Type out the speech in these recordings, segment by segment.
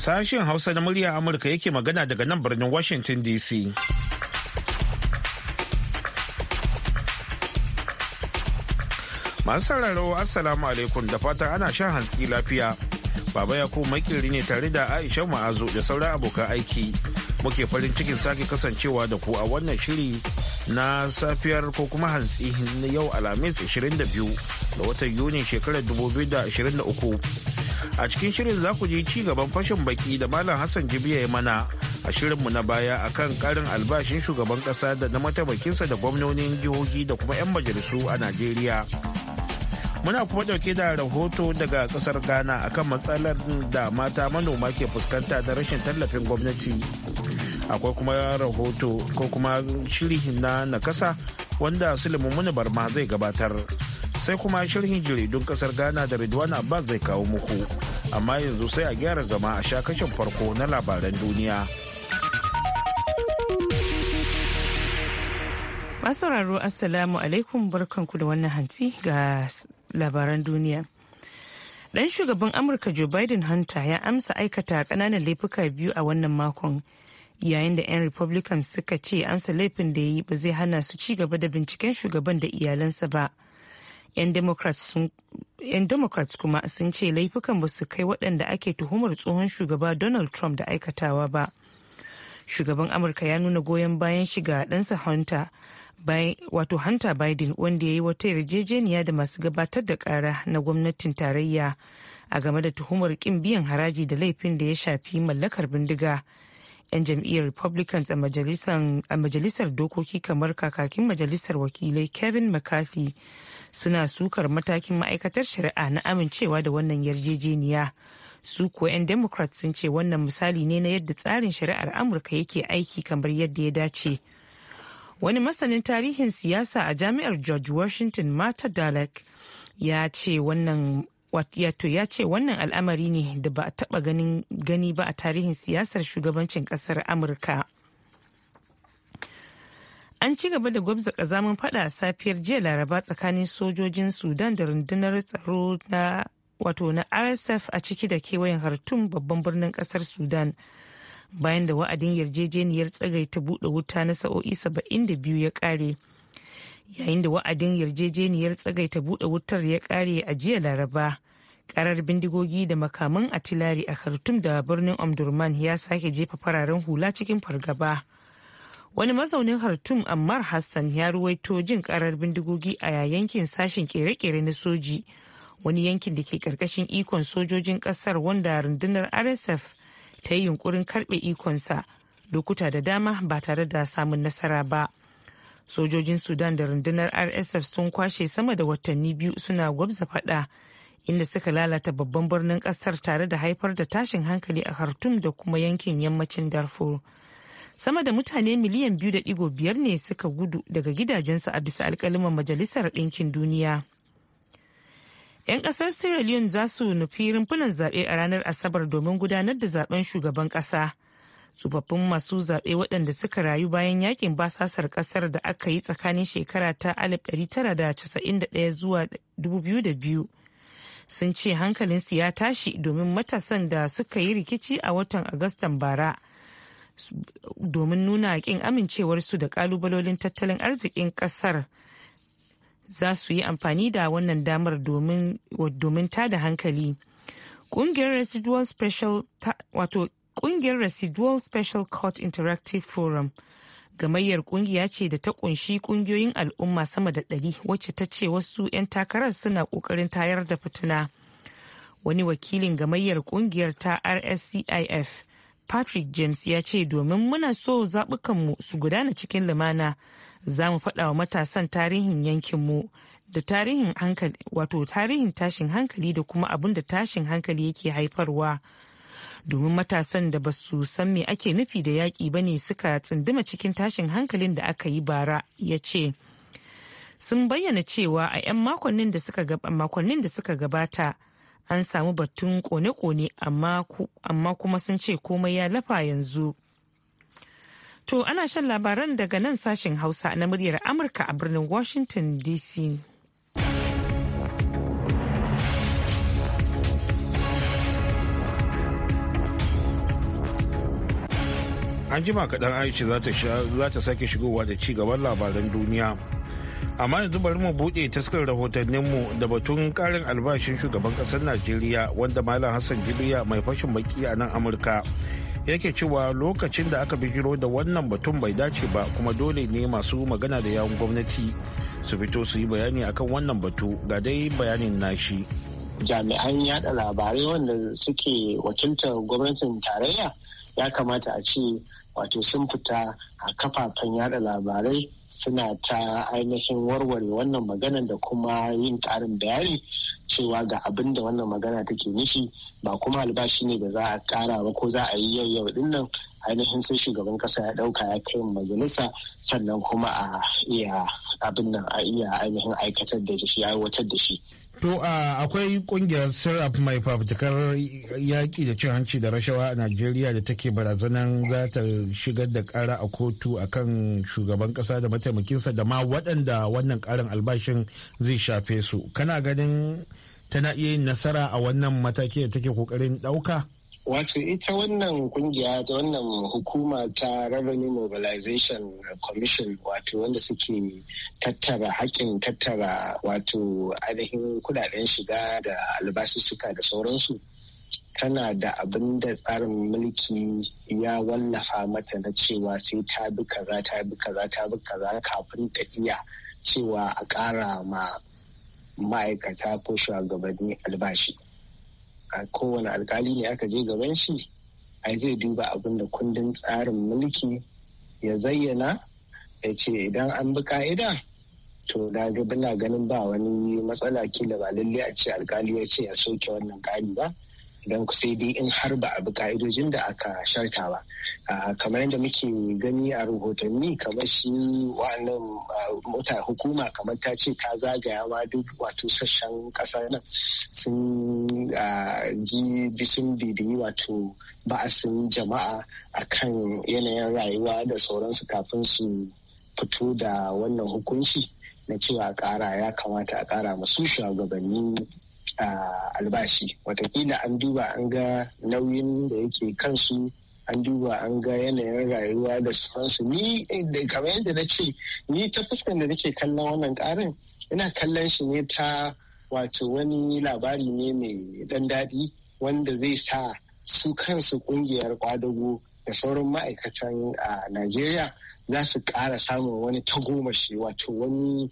Sashen Hausa na murya Amurka yake magana daga nan birnin Washington DC. Masu sauraro Assalamu alaikum da fatan ana shan hantsi lafiya. Baba ya ko makiri ne tare da Aisha Ma'azu da sauran abokan aiki. Muke farin cikin sake kasancewa da ku a wannan shiri na safiyar ko kuma hantsi na yau Alhamis 22 ga watan Yuni shekarar 2023. a cikin shirin za ku ji ci gaban fashin baki da malam hassan jibiya ya mana a shirinmu na baya akan karin albashin shugaban kasa da na mataimakinsa da gwamnonin jihohi da kuma 'yan majalisu a najeriya muna kuma dauke da rahoto daga kasar ghana akan matsalar da mata manoma ke fuskanta da rashin tallafin gwamnati akwai kuma rahoto ko kuma shiri na nakasa wanda sulemu munubar barma zai gabatar sai kuma shirhin jaridun kasar ghana da ridwan abbas zai kawo muku amma yanzu sai a gyara zama a shakashin farko na labaran duniya masauraro assalamu alaikum barkanku da wannan hantsi ga labaran duniya dan shugaban amurka joe biden hunter ya amsa aikata kananan laifuka biyu a wannan makon yayin da 'yan republicans suka ce amsa laifin da ya yi ba zai hana su ci gaba da binciken shugaban da iyalansa ba. 'yan democrats kuma sun ce laifukan ba su kai waɗanda ake tuhumar tsohon shugaba donald trump da aikatawa ba shugaban amurka ya nuna goyon bayan shiga ɗansa hunter wato hunter biden wanda ya yi wata yarjejeniya da masu gabatar da ƙara na gwamnatin tarayya a game da tuhumar ƙin biyan haraji da laifin da ya shafi mallakar bindiga 'yan jam'iyyar republicans a majalisar dokoki kamar kakakin majalisar wakilai kevin mccarthy suna sukar matakin ma'aikatar shari'a na amincewa da wannan yarjejeniya su kuwa 'yan democrats sun ce wannan misali ne na yadda tsarin shari'ar amurka yake aiki kamar yadda ya dace wani masanin tarihin siyasa a jami'ar george washington mata dalek ya ce wannan wato ya ce wannan al'amari ne da ba a taba gani ba a tarihin siyasar shugabancin kasar amurka an ci gaba da gwabza kazamin fada a safiyar jiya laraba tsakanin sojojin sudan da rundunar tsaro na wato na rsf a ciki da kewayen hartum babban birnin kasar sudan bayan da wa'adin yarjejeniyar tsagaita buɗe wuta na sa'o'i 72 ya ƙare yayin da wa'adin yarjejeniyar tsagaita buɗe wutar ya kare a jiya laraba karar bindigogi da makaman atilari a khartoum da birnin omdurman ya sake jefa fararen hula cikin fargaba wani mazaunin khartoum ammar hassan ya ruwaito jin karar bindigogi a yankin sashen kere-kere na soji wani yankin da ke karkashin ikon sojojin kasar wanda rundunar rsf ta yi yunkurin karbe ikonsa lokuta da dama ba tare da samun nasara ba. sojojin sudan da rundunar rsf sun kwashe sama da watanni biyu suna gwabza fada inda suka lalata babban birnin kasar tare da haifar da tashin hankali a khartoum da kuma yankin yammacin darfur sama da mutane miliyan biyu da digo biyar ne suka gudu daga gidajensu a bisa alkaliman majalisar ɗinkin duniya 'yan kasar sierra leone za su nufi rumfunan zaɓe a ranar asabar domin gudanar da zaben shugaban ƙasa tsofaffin masu zaɓe waɗanda suka rayu bayan yakin basasar ƙasar da aka yi tsakanin shekara ta 1991 zuwa 2002 sun ce hankalinsu ya tashi domin matasan da suka yi rikici a watan agustan bara domin nuna ƙin amincewarsu da ƙalubalolin tattalin arzikin ƙasar za su yi amfani da wannan damar domin tada hankali. Ƙungiyar Residual Special wato kungiyar residual special court interactive forum gamayyar kungiya ce da ta kunshi kungiyoyin al'umma sama da ɗari wacce ta ce wasu 'yan takarar suna ƙoƙarin tayar da fituna wani wakilin gamayyar kungiyar ta rscif patrick james ya ce domin muna so zaɓukanmu su gudana cikin lumana za mu faɗa wa matasan tarihin yankinmu da tarihin hankali wato tarihin tashin hankali da kuma abin da tashin hankali yake haifarwa domin matasan da ba su san me ake nufi da yaƙi ba ne suka tsunduma cikin tashin hankalin da aka yi bara ya ce sun bayyana cewa a 'yan makonnin da suka gabata an samu batun kone-kone amma kuma sun ce komai ya lafa yanzu. To ana shan labaran daga nan sashen Hausa na muryar Amurka a birnin Washington DC. an jima kaɗan aisha za ta sake shigowa da ci gaban labaran duniya amma yanzu bari mu buɗe taskar rahotanninmu da batun ƙarin albashin shugaban ƙasar najeriya wanda malam hassan jibiya mai fashin baki a nan amurka yake cewa lokacin da aka bijiro da wannan batun bai dace ba kuma dole ne masu magana da yawun gwamnati su fito su yi bayani akan wannan batu ga dai bayanin nashi jami'an yada labarai wanda suke wakiltar gwamnatin tarayya ya kamata a ce wato sun fita a kafafen yada labarai suna ta ainihin warware wannan magana da kuma yin karin bayani cewa ga abin da wannan magana take nufi ba kuma albashi ne da za a kara ba ko za a yi yau yau nan ainihin sai shugaban kasa ya dauka ya kai majalisa sannan kuma a iya abin nan a iya ainihin aikatar da shi aiwatar da shi To uh, akwai kungiyar sirap mai fafutukar yaƙi da cin hanci da rashawa a Najeriya da take barazanan za ta shigar da ƙara a kotu a kan shugaban ƙasa da mataimakinsa da ma waɗanda wannan ƙarin albashin zai shafe su. Kana ganin tana iya yin nasara a wannan mataki da take ƙoƙarin ɗauka? Wato ita wannan kungiya ta wannan hukuma ta Revenue Mobilization Commission wato wanda suke tattara haƙƙin tattara wato ainihin kudaden shiga da albasussuka da sauransu. Tana da abin da tsarin mulki ya wallafa mata na cewa sai ta bi kaza ta bi kaza ta bi kaza kafin ta iya cewa a ƙara ma ma'aikata ko shugabanni albashi. a kowane alkali ne aka je gaban shi ai zai duba abin da kundin tsarin mulki ya zayyana ya ce idan an bi ka'ida to na ga ganin ba wani matsala kila ba lalle a ce alkali ya ce ya soke wannan ƙari ba don sai dai in har ba a bi ka'idojin da aka sharta ba kamar yadda muke gani a rahotanni kamar shi wa'annan mota hukuma kamar ta ce ta zagaya ma duk wato sassan ƙasa nan sun ji bisin bibiyi wato ba'asin jama'a akan yanayin rayuwa da sauransu kafin su fito da wannan hukunci na cewa ƙara ya kamata a ƙara masu shugabanni albashi watakila an duba an ga nauyin da yake kansu an duba an ga yanayin rayuwa da sauransu ni eh, da kamar yadda na ce ni ta fuskan da nake kallon wannan karin ina kallon shi ne ta wato wani labari ne mai dan daɗi wanda zai sa su kansu kungiyar kwadago da sauran ma'aikatan a najeriya za su ƙara samun wani tagomashi wato wani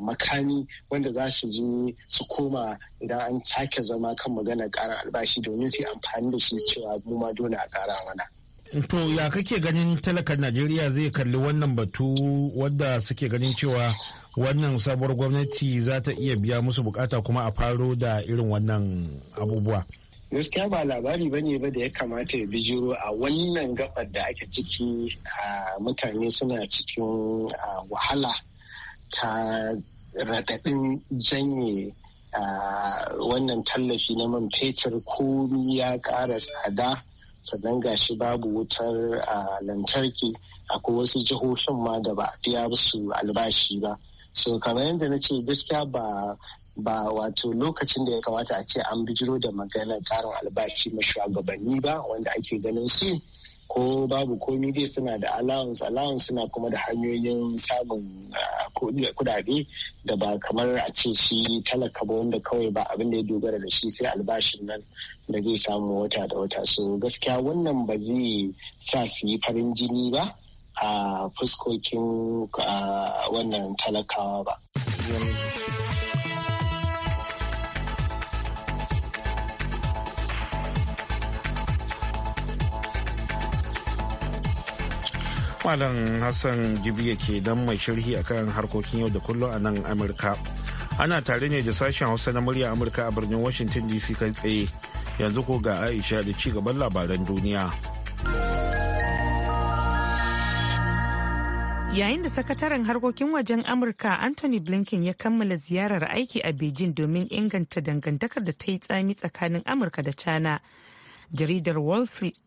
makami wanda za su je su koma idan an sake zama kan magana ƙarar albashi domin su amfani da shi cewa mu ma dole a ƙara mana. To ya kake ganin talakan Najeriya zai kalli wannan batu wadda suke ganin cewa wannan sabuwar gwamnati za ta iya biya musu bukata kuma a faro da irin wannan abubuwa. gaskiya ba labari ba ne ba da ya kamata ya bijiro a wannan gabar da ake ciki a mutane suna cikin wahala ta raɗaɗin janye wannan tallafi na man fetur komi ya ƙara tsada sannan shi babu wutar lantarki akwai wasu jihohin ma da ba a biya su albashi ba so kamar yadda na ce gaskiya ba ba wato lokacin da ya kamata a ce an bijiro da maganar karin albashi ma shugabanni ba wanda ake ganin su ko babu komi dai suna da allowance allowance suna kuma da hanyoyin samun ah, kudade da ba kamar a ce shi talaka ba wanda kawai ba abin da ya dogara da shi sai albashin nan da zai samu wata da wata so gaskiya wannan ba zai sa su yi farin jini ba a fuskokin ah, wannan talakawa ba. Malam Hassan Jibiya ke dan mai sharhi akan harkokin yau da kullum a nan Amurka. Ana tare ne da sashen Hausa na murya Amurka a birnin Washington DC kai tsaye. Yanzu ko ga Aisha da ci gaban labaran duniya. Yayin da sakataren harkokin wajen Amurka Anthony Blinken ya kammala ziyarar aiki a Beijing domin inganta dangantakar da ta yi tsami tsakanin Amurka da China. jaridar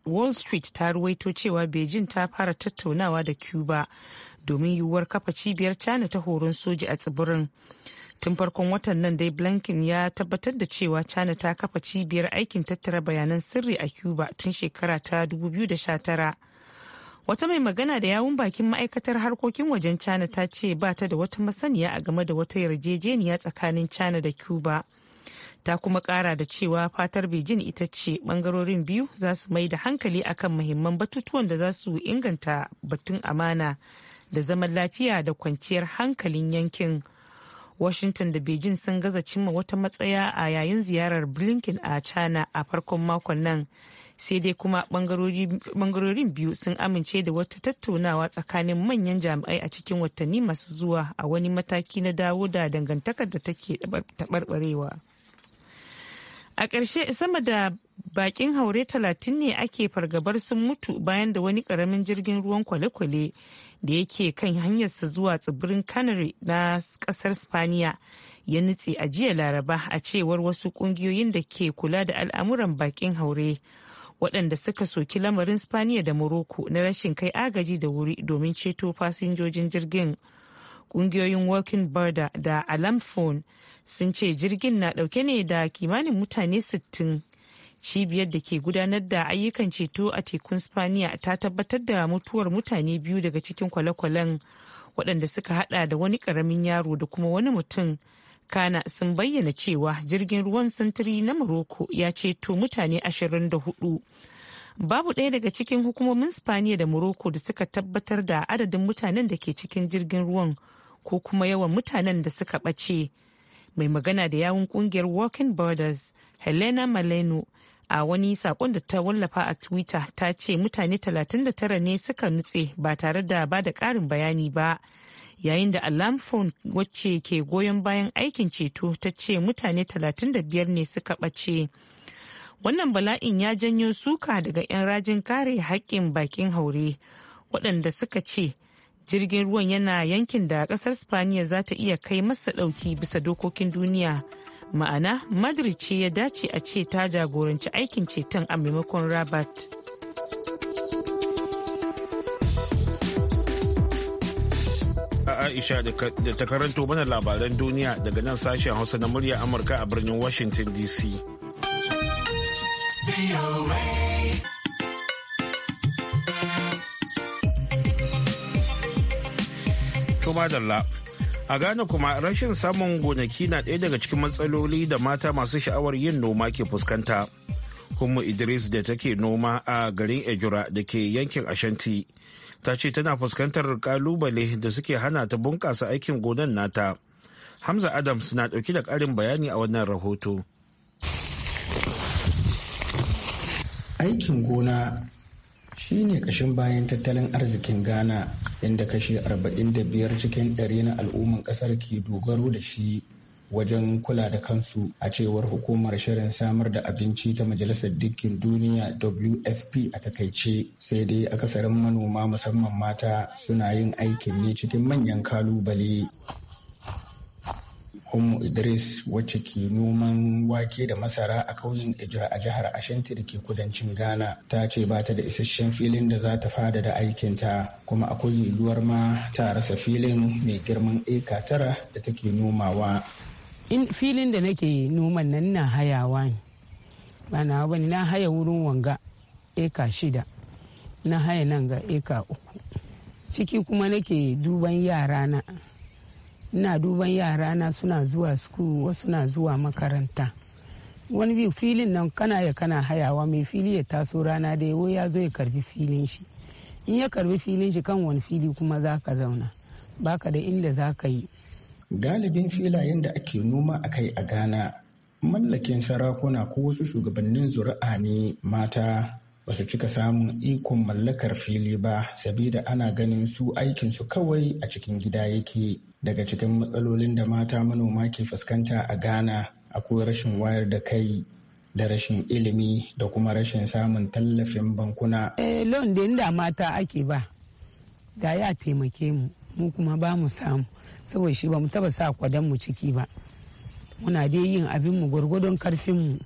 wall street ta ruwaito cewa beijing ta fara tattaunawa da cuba domin yiwuwar kafa cibiyar china ta horon soji a tsibirin tun farkon watan nan dai blinken ya tabbatar da cewa china ta kafa cibiyar aikin tattara bayanan sirri a cuba tun shekara ta 2019 wata mai magana da yawun bakin ma'aikatar harkokin wajen china ta ce ba ta da wata masaniya a game da wata yarjejeniya tsakanin china da cuba ta kuma kara da cewa fatar beijing ita ce bangarorin biyu za su mai da hankali akan muhimman batutuwan da za su inganta batun amana da zaman lafiya da kwanciyar hankalin yankin washington da beijing sun gaza cimma wata matsaya a yayin ziyarar blinken a china a farkon makon nan sai dai kuma bangarorin biyu sun amince da wata tattaunawa tsakanin manyan jami'ai a cikin watanni masu zuwa a wani mataki na dawo da dangantakar da take taɓarɓarewa. a ƙarshe sama da bakin haure talatin ne ake fargabar sun mutu bayan da wani ƙaramin jirgin ruwan kwale-kwale da yake kan hanyarsa zuwa tsibirin canary na ƙasar spaniya ya nutse a jiya laraba a cewar wasu ƙungiyoyin da ke kula da al'amuran bakin haure waɗanda suka soki lamarin spaniya da morocco na rashin kai agaji da wuri domin ceto fasinjojin jirgin kungiyoyin working border da alarm phone sun ce jirgin na dauke ne da kimanin mutane 60 cibiyar da ke gudanar da ayyukan ceto a tekun spaniya ta tabbatar da mutuwar mutane biyu daga cikin kwale-kwalen waɗanda suka hada da wani ƙaramin yaro da kuma wani mutum kana sun bayyana cewa jirgin ruwan sintiri na morocco ya ceto mutane 24 babu ɗaya daga cikin hukumomin spaniya da morocco da suka tabbatar da adadin mutanen da ke cikin jirgin ruwan ko kuma yawan mutanen da suka ɓace. Mai magana da yawun ƙungiyar Walking Borders, Helena Maleno, a wani saƙon da ta wallafa a Twitter ta ce mutane 39 ne suka nutse ba tare da ba da ƙarin bayani ba. Yayin da Alamfon wacce ke goyon bayan aikin ceto ta ce mutane 35 ne suka ɓace. wannan bala'in ya janyo suka daga 'yan rajin kare haƙƙin bakin haure waɗanda suka ce jirgin ruwan yana yankin da kasar spaniya za ta iya kai masa dauki bisa dokokin duniya ma'ana madrid ce ya dace a ce ta jagoranci aikin ceton a maimakon rabat aisha da ta karanto mana labaran duniya daga nan sashen hausa na murya amurka a birnin washington dc To madalla. A Ghana kuma rashin samun gonaki na ɗaya daga cikin matsaloli da mata masu sha'awar yin noma ke fuskanta. Hummu Idris da take noma a garin Ejura da ke yankin Ashanti. Ta ce tana fuskantar kalubale da suke hana ta bunƙasa aikin gonan nata. Hamza Adams na ɗauki da ƙarin bayani a wannan rahoto. Aikin gona Shi ne kashin bayan tattalin arzikin ghana inda kashi 45 cikin ɗari na al'umman ƙasar ke dogaro da shi wajen kula da kansu a cewar hukumar shirin samar da abinci ta majalisar dukkin duniya wfp a takaice sai dai akasarin manoma musamman mata suna yin aikin ne cikin manyan kalubale Ummu Idris wacce ke noman wake da masara a ƙauyen Ijira a jihar Ashanti da ke kudancin Ghana ta ce ba ta da isasshen filin da za ta fada da aikinta kuma akwai yiwuwar ma ta rasa filin mai girman eka tara da take nomawa. In filin da nake noman nan na hayawa ne. Ba na bane na haya wurin wanga eka shida. Na haya nan ga eka uku. Ciki kuma nake duban yarana. ina duban yarana suna zuwa suku wasu na zuwa makaranta wani biyu filin nan kana ya kana hayawa mai fili ya taso rana da yawo ya zo ya karbi filin shi in ya karbi filin shi kan wani fili kuma za ka zauna baka da inda za ka yi galibin filayen da ake noma a kai a ghana mallakin sarakuna ko wasu shugabannin zuri'a ne mata ba su cika samun ikon mallakar fili ba sabida ana ganin su aikinsu kawai a cikin gida yake daga cikin matsalolin da mata manoma ke fuskanta a ghana akwai rashin wayar da kai da rashin ilimi da kuma rashin samun tallafin bankuna eh, loan da da mata ake ba da ya taimake mu mu kuma ba mu samu saboda shi ba mu taba sa kwadon mu ciki ba muna dai yin abin mu gwargwadon karfin mu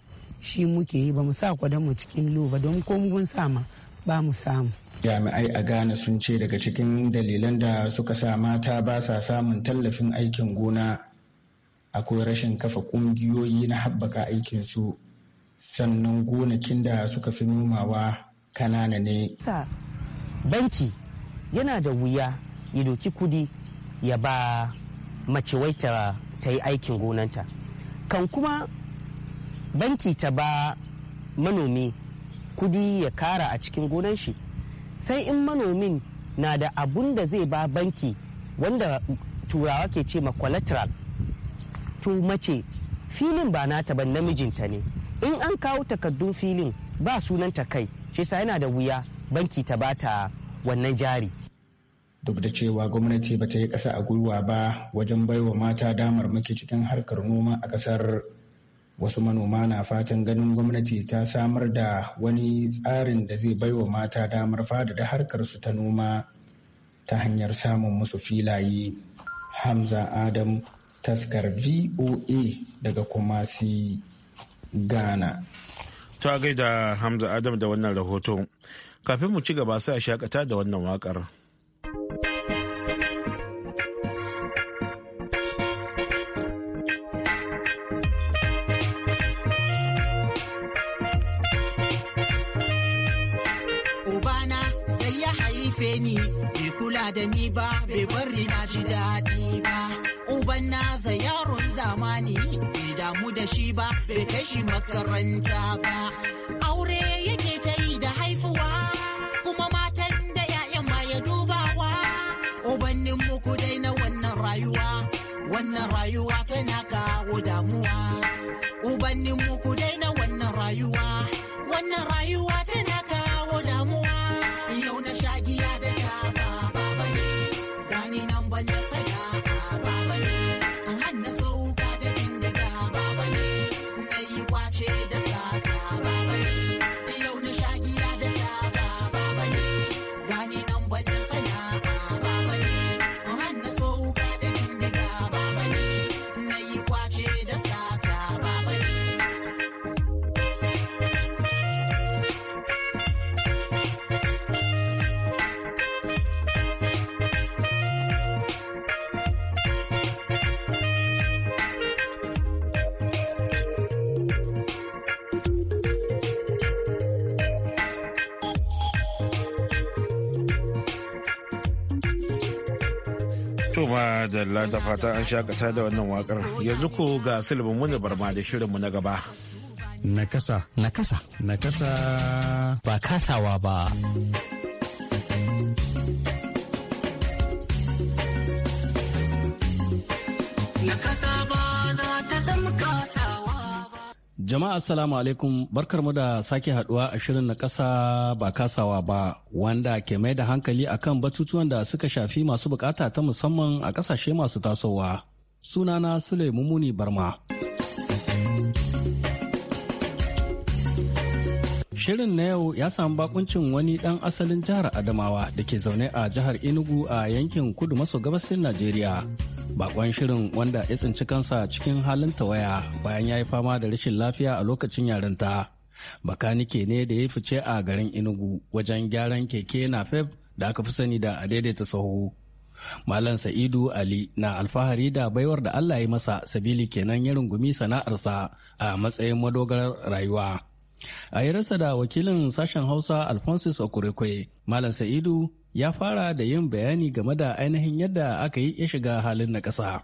shi muke yi ba mu sa kwadon mu cikin lo ba don ko mun sama ba mu samu jami'ai a ghana sun ce daga cikin dalilan da suka sa mata ba sa samun tallafin aikin gona akwai rashin kafa kungiyoyi na haɓaka aikinsu sannan gonakin da suka fi nomawa kanana ne banki yana da wuya ya doki kudi ya ba mace waita ta yi aikin gonanta kan kuma banki ta ba manomi kudi ya kara a cikin gonan shi sai in manomin na da abun da zai ba banki wanda turawa ke ce ma collateral to mace filin ba nata ba namijinta ne in an kawo takardun filin ba sunanta kai shi sa yana da wuya banki ta bata wannan jari duk da cewa gwamnati ba ta yi kasa a gwiwa ba wajen baiwa mata damar muke cikin harkar noma a kasar. wasu manoma na fatan ganin gwamnati ta samar da wani tsarin da zai baiwa mata damar fadada harkarsu ta noma ta hanyar samun musu filaye hamza adam taskar voa daga kumasi ghana ta gaida hamza adam da wannan rahoton kafin mu ci gaba sai a shakata da wannan wakar. da shi ba bai kai shi makaranta ba aure yake ta yi da haifuwa kuma matan da ya'yan ma ya dubawa ubannin muku dai na wannan rayuwa wannan rayuwa tana kawo damuwa ubannin muku dai na wannan rayuwa wannan rayuwa tana kawo damuwa yau na shagiya da ta ba ba ne gani nan ban da madalla da fata an shakata da wannan wakar yanzu ku ga silibin muni barma da shirinmu na gaba nakasa nakasa nakasa ba kasawa ba nakasa Jama'a assalamu alaikum mu da sake haduwa a shirin na kasa ba kasawa ba wanda ke mai da hankali akan batutuwan da suka shafi masu bukata ta musamman a kasashe masu tasowa. Sunana Sule Mumuni Barma. shirin na yau ya samu bakuncin wani dan asalin jihar Adamawa da ke zaune a jihar Enugu a yankin kudu maso gabasin Najeriya. Bakon shirin wanda ya tsinci kansa cikin halin tawaya bayan ya yi fama da rashin lafiya a lokacin yarinta. Bakanike ne da ya fice a garin Enugu wajen gyaran keke na fef da aka fi sani da a daidaita sahu. Malam Sa'idu Ali na alfahari da baiwar da Allah ya masa sabili kenan ya rungumi sana'arsa a matsayin madogarar rayuwa. A yi rasa da wakilin sashen Hausa Alphonsus Okurekwe, Malam Sa'idu ya fara da yin bayani game da ainihin yadda aka yi ya shiga halin na ƙasa.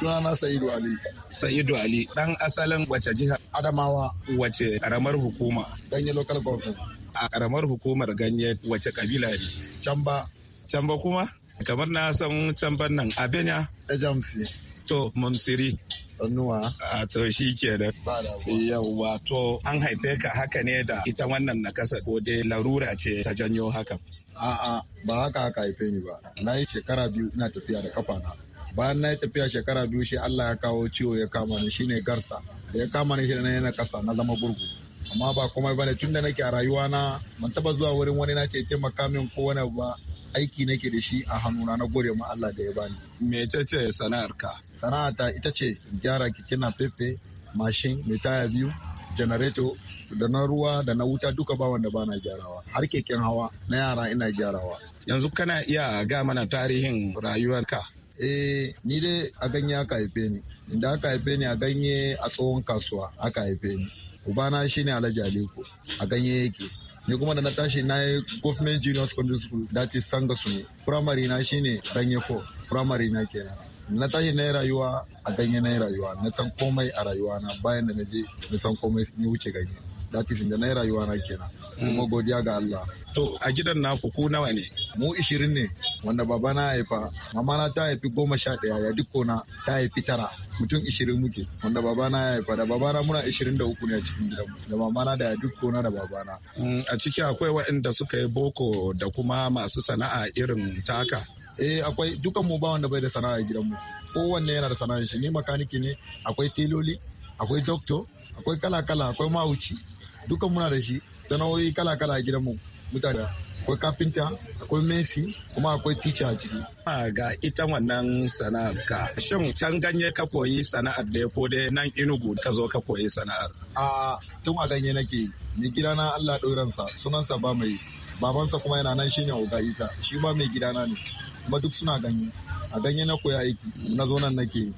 Sunana Sa'idu Ali. Sa'idu Ali, ɗan asalin wace jiha? Adamawa. Wace ƙaramar hukuma? Ganye local government. A ƙaramar hukumar ganye wace ƙabila ne? Camba. Camba kuma? Kamar na san camban nan a Benya? Ejamsi. to Monsiri. nuwa a to shi ke da. Yau to an haife ka haka ne da ita wannan nakasa ko dai larura ce ta janyo haka a'a ba haka haka haife ni ba na yi shekara biyu ina tafiya da kafa na bayan na yi tafiya shekara biyu shi Allah ya kawo ciwo ya kama ni shine garsa da ya kama ni shi na yana kasa na zama gurgu amma ba komai bane tun da nake a rayuwa na Mun taba zuwa wurin wani na ce taimaka min ko wani ba aiki nake da shi a hannuna na gode ma Allah da ya bani. Mece ce sana'arka? Sana'ata ita ce gyara kikina pepe, mashin, mai taya biyu, janareto, da na ruwa da na wuta duka ba wanda bana gyarawa. Har keken hawa na yara ina gyarawa. Yanzu kana iya ga mana tarihin rayuwarka. eh ni dai a ganye aka haife ni inda aka haife ni a ganye a tsohon kasuwa aka haife ni ubana shine alhaji aliko a ganye yake ni kuma da na tashi na yi government junior secondary school that sanga su primary na shine ganye ko primary na kenan na tashi na yi rayuwa a ganye na yi rayuwa na san komai a rayuwa na bayan da na je na san komai ni wuce ganye that is da naira rayuwa na kenan kuma hmm. godiya ga Allah to a gidan naku ku nawa ne mu 20 ne wanda baba na haifa mama na ta haifi goma sha ɗaya ya dukko na ta haifi tara mutum ishirin muke wanda baba na ya haifa da baba na muna ishirin da uku ne a cikin mu. da mama na da ya dukko na da baba na. Hmm, a ciki akwai waɗanda suka yi boko da kuma masu sana'a irin taka. eh akwai dukan mu ba wanda bai da sana'a a gidanmu kowanne yana da sana'a shi ni makaniki ne akwai teloli akwai doctor akwai kala kala akwai mahauci dukan muna da shi sana'o'i kala-kala a gidanmu mutane akwai kafinta akwai mesi kuma akwai tici a ciki. A ga ita wannan sana'ar ka shin can ganye ka koyi sana'ar da ko dai nan inugu ka zo ka koyi sana'ar. a tun a ganye nake mai gidana allah ɗoransa sunansa ba mai babansa kuma yana nan shine oga isa shi ba mai gidana ne kuma duk suna ganye a ganye na koya aiki na zo nan nake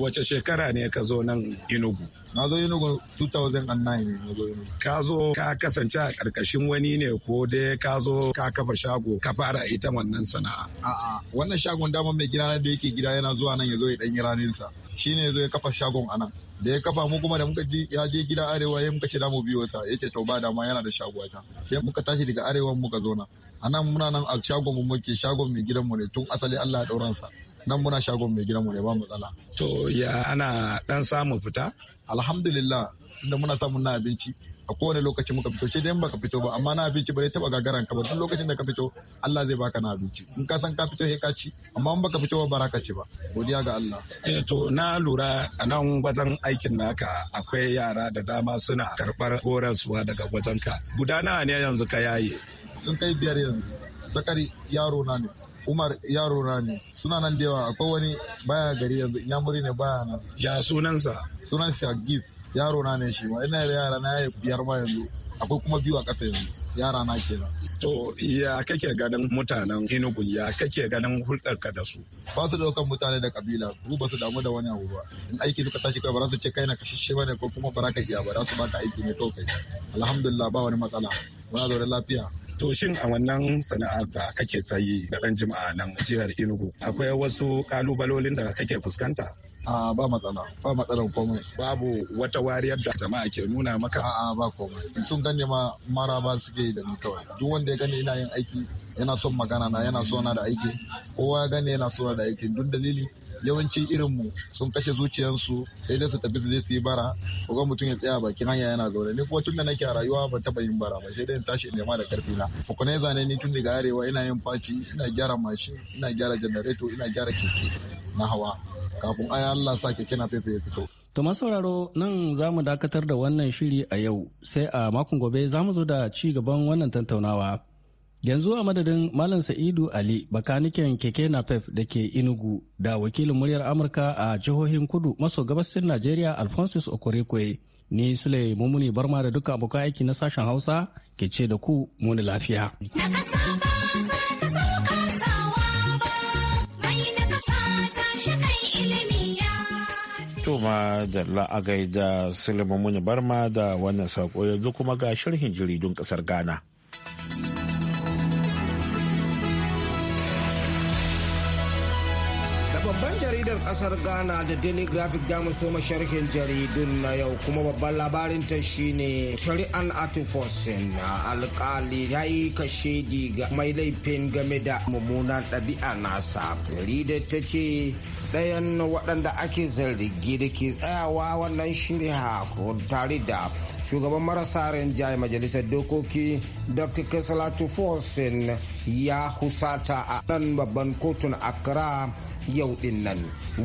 wace shekara ne ka zo nan inugu na zo inugu 2009 ka zo ka kasance a ƙarƙashin wani ne ko dai ka zo ka kafa shago ka fara ita wannan sana'a a'a wannan shagon dama mai gida da yake gida yana zuwa nan ya zo ya dan yi raninsa shine ya zo ya kafa shagon anan da ya kafa mu kuma da muka ji ya je gida arewa ya muka ce da mu biyo sa yace to ba dama yana da shago ta sai muka tashi daga arewa muka zo na anan muna nan a shagon mu muke shagon mai gidan mu ne tun asali Allah ya dauransa. sa nan muna shagon mai gidanmu ne ba matsala. To ya ana dan samun fita? Alhamdulillah inda muna samun na abinci a kowane lokaci muka fito shi dai baka fito ba amma na abinci bare taba gagaran ka ba duk lokacin da ka fito Allah zai baka na abinci in ka san ka fito sai ka ci amma in baka fito ba baraka ci ba godiya ga Allah eh to na lura a nan wajen aikin naka akwai yara da dama suna karbar horaswa daga wajen ka gudana ne yanzu ka yaye sun kai biyar yanzu zakari yaro na ne Umar yaro na ne suna nan da yawa akwai wani baya gari yanzu inyamuri ne baya nan. Ya sunansa? Sunansa Gif yaro na ne shi ma ina da yara na ya biyar ma yanzu akwai kuma biyu a ƙasa yanzu yara na kenan. To ya kake ganin mutanen Enugu ya kake ganin ka da su? Ba su ɗaukan mutane da kabila su ba su damu da wani abu ba. In aiki suka tashi kai ba za su ce kai na kashishe ba ne ko kuma ba za ka iya ba za su baka aiki ne kawai. Alhamdulillah ba wani matsala. Muna zaune lafiya. To shin a wannan sana'a da kake ta yi da ɗan jima'a nan jihar Enugu akwai wasu ƙalubalolin da kake fuskanta? a ba matsala ba matsalan komai babu wata wariyar da jama'a ke nuna maka a'a ba komai sun gane ma maraba suke da ni kawai duk wanda ya gane ina yin aiki yana son magana na yana so na da aiki kowa ya gane yana so na da aiki duk dalili yawanci irin mu sun kashe zuciyarsu sai su tafi su je su yi bara ko mutum ya tsaya bakin hanya yana zaune ni kuma tunda nake a rayuwa ban taba yin bara ba sai dai in tashi nema da karfi na fukune zane ni tun daga arewa ina yin faci ina gyara mashin ina gyara janareto ina gyara keke na hawa kafin ayi Allah sa keke na fefe ya fito To sauraro nan za mu dakatar da wannan shiri a yau sai a makon gobe za mu zo da ci gaban wannan tattaunawa. Yanzu a madadin Malam Sa'idu Ali bakaniken keke napep da ke Inugu da wakilin muryar Amurka a jihohin kudu maso gabasin Najeriya Alphonsus Okorekwe ni Sule Mumuni Barma da duka abokan aiki na sashen Hausa ke ce da ku muni lafiya. kuma da la'agai da Sule Mumuni Barma da wannan sako yanzu kuma ga sharhin jiridun kasar Ghana. jaridar kasar ghana da daily graphic damu soma sharhin jaridun na yau kuma babban labarin ta shine shari'an na alkali ya yi kashe ga mai laifin game da mummunan ɗabi'a nasa jaridar ta ce ɗayan waɗanda ake zargi da ke tsayawa wannan shirya tare da shugaban marasa rinjaye majalisar dokoki dr kesalatu fosin ya husata a ɗan babban kotun accra yau din nan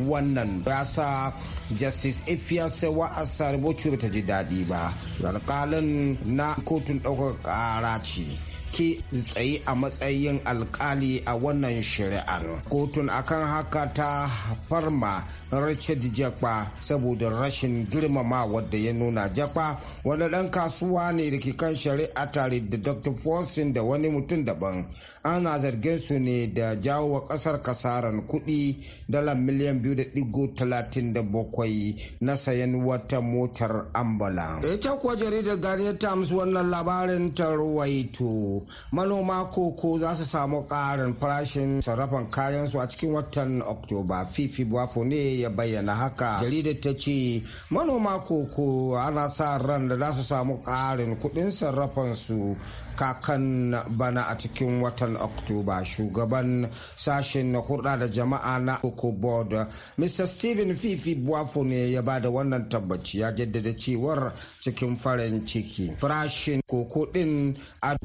wannan ya sa justice ifya sewa a saribo ta ji daɗi ba alƙalin na kotun ɗaukar ƙara ce take tsaye a matsayin alkali a wannan shari'ar kotun akan haka ta farma richard jakpa saboda rashin girmama wadda ya nuna jakpa wani dan kasuwa ne da ke kan shari'a tare da dr forsin da wani mutum daban ana zargin su ne da jawo wa kasar kasaran kudi dala miliyan biyu da digo talatin da bakwai na sayan wata motar ambala ita kuwa jaridar ta Times wannan labarin ta ruwaito manoma koko za su samu ƙarin farashin sarrafan kayansu a cikin watan oktoba fifi buwafo ne ya bayyana haka jaridar ta ce manoma koko ana sa ran da za su samu ƙarin kuɗin sarrafansu kakan bana a cikin watan oktoba shugaban sashen na hurɗa da jama'a na koko board mr steven fifi buwafo ne ya ba da wannan tabbaci ya jaddada cewar cikin farin ciki farashin koko ɗin a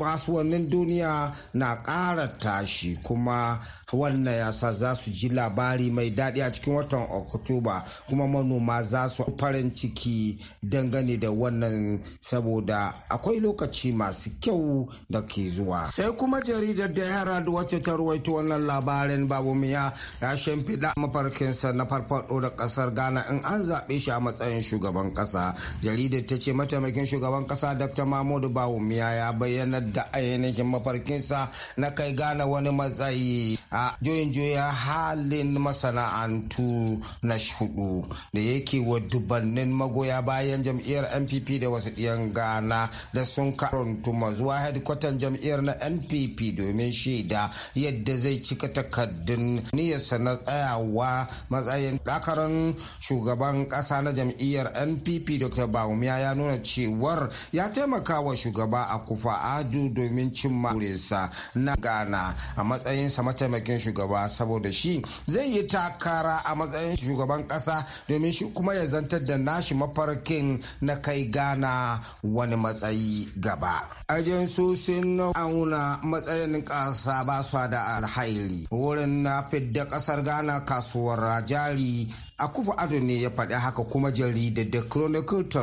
kasuwannin duniya na ƙara tashi kuma wannan yasa za su ji labari mai daɗi a cikin watan oktoba kuma manoma za su farin ciki dangane da wannan saboda akwai lokaci masu kyau da ke zuwa sai kuma jaridar da yara da wacce ta ruwaito wannan labarin babu miya ya shimfiɗa mafarkinsa na farfaɗo da ƙasar ghana in an zaɓe shi a matsayin shugaban ƙasa jaridar ta ce mataimakin shugaban ƙasa dr mahmudu babu miya ya bayyana da ayin ainihin mafarkinsa na kai gana wani matsayi a juyin juya halin masana'antu na hudu da yake wa dubannin magoya bayan jam'iyyar npp da wasu ɗiyan gana da sun karantuma zuwa hedkwatan jam'iyyar na npp domin shaida yadda zai cika takardun niyyarsa na tsayawa matsayin takarar shugaban ƙasa na jam'iyyar npp dr bawumiya ya nuna cewar ya taimaka wa shugaba a kufa adu domin domin cimma sa na Ghana a matsayinsa mataimakin shugaba saboda shi zai yi takara a matsayin shugaban kasa domin shi kuma ya zantar da nashi mafarkin na kai Ghana wani matsayi gaba. Ajansosin auna matsayin kasa ba su da alhaili wurin na fidda kasar Ghana kasuwar rajali. akufu ado ne ya faɗi haka kuma jaridar da chronicle ta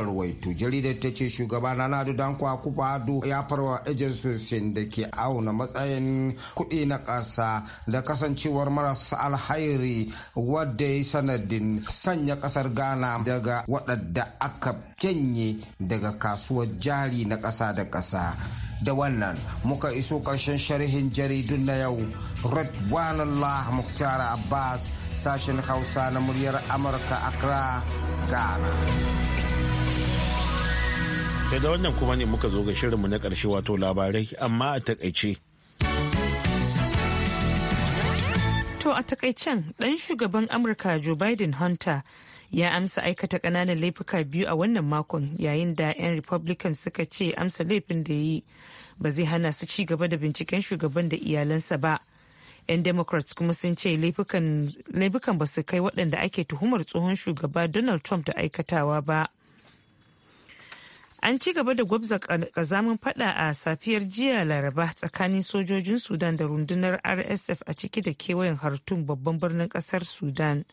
jaridar ta ce shugaba nana danko akufu ado ya farwa ejensosin da ke auna matsayin kuɗi na ƙasa da kasancewar marasa alhairi wadda ya sanadin sanya ƙasar ghana daga waɗanda aka kenye daga kasuwar jari na ƙasa da ƙasa da wannan muka iso ƙarshen sharhin jaridun na yau redwanullah muktar abbas sashen hausa na muryar amurka accra ghana sai da wannan kuma ne muka zo ga shirinmu na ƙarshe wato labarai amma a takaice to a takaicen ɗan shugaban amurka joe biden hunter ya amsa aikata ƙananan laifuka biyu a wannan makon yayin da 'yan republican suka ce amsa laifin da yi ba zai hana su ci gaba da binciken shugaban da iyalansa ba. 'yan democrats kuma sun ce laifukan ba su kai waɗanda ake tuhumar tsohon shugaba donald trump da aikatawa ba an ci gaba da gwabza kazamin fada a safiyar jiya laraba tsakanin sojojin sudan da rundunar rsf a ciki da kewayen hartun babban birnin kasar sudan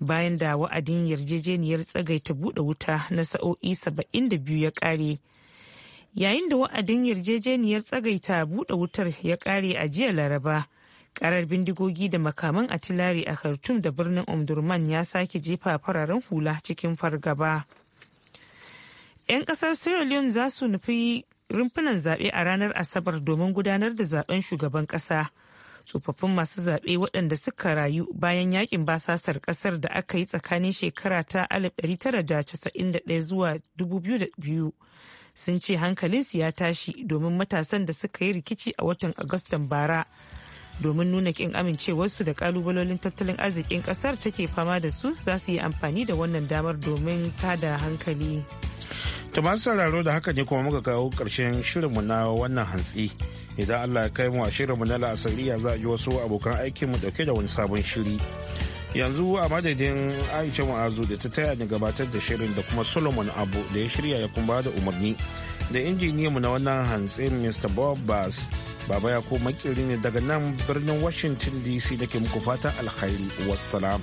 bayan da wa'adin yarjejeniyar tsagaita buɗe wuta na sa'o'i 72 ya ƙare yayin da wa'adin yarjejeniyar tsagaita buɗe wutar ya ƙare a jiya laraba karar bindigogi da makaman atilari a khartoum da birnin omdurman ya sake jefa fararen hula cikin fargaba 'yan kasar sierra leone za su nufi rumfunan zaɓe a ranar asabar domin gudanar da zaben shugaban ƙasa tsofaffin masu zaɓe waɗanda suka rayu bayan yakin basasar ƙasar da aka yi tsakanin shekara ta 1991 zuwa 2002 sun ce hankalinsu ya tashi domin matasan da suka yi rikici a watan agustan bara domin nuna kin amincewarsu da kalubalolin tattalin arzikin kasar take fama da su za su yi amfani da wannan damar domin tada hankali. ta masu sauraro da haka ne kuma muka kawo karshen shirinmu na wannan hantsi idan allah ya kai mu a shirinmu na la'asariya za a ji wasu abokan aikin mu dauke da wani sabon shiri yanzu a madadin aisha ma'azu da ta taya ni gabatar da shirin da kuma solomon abu da ya shirya ya kuma da umarni da injiniyanmu na wannan hantsi mr bob bass Baba ya ko makiri ne daga nan birnin Washington DC ke muku fatan alkhairi wassalam.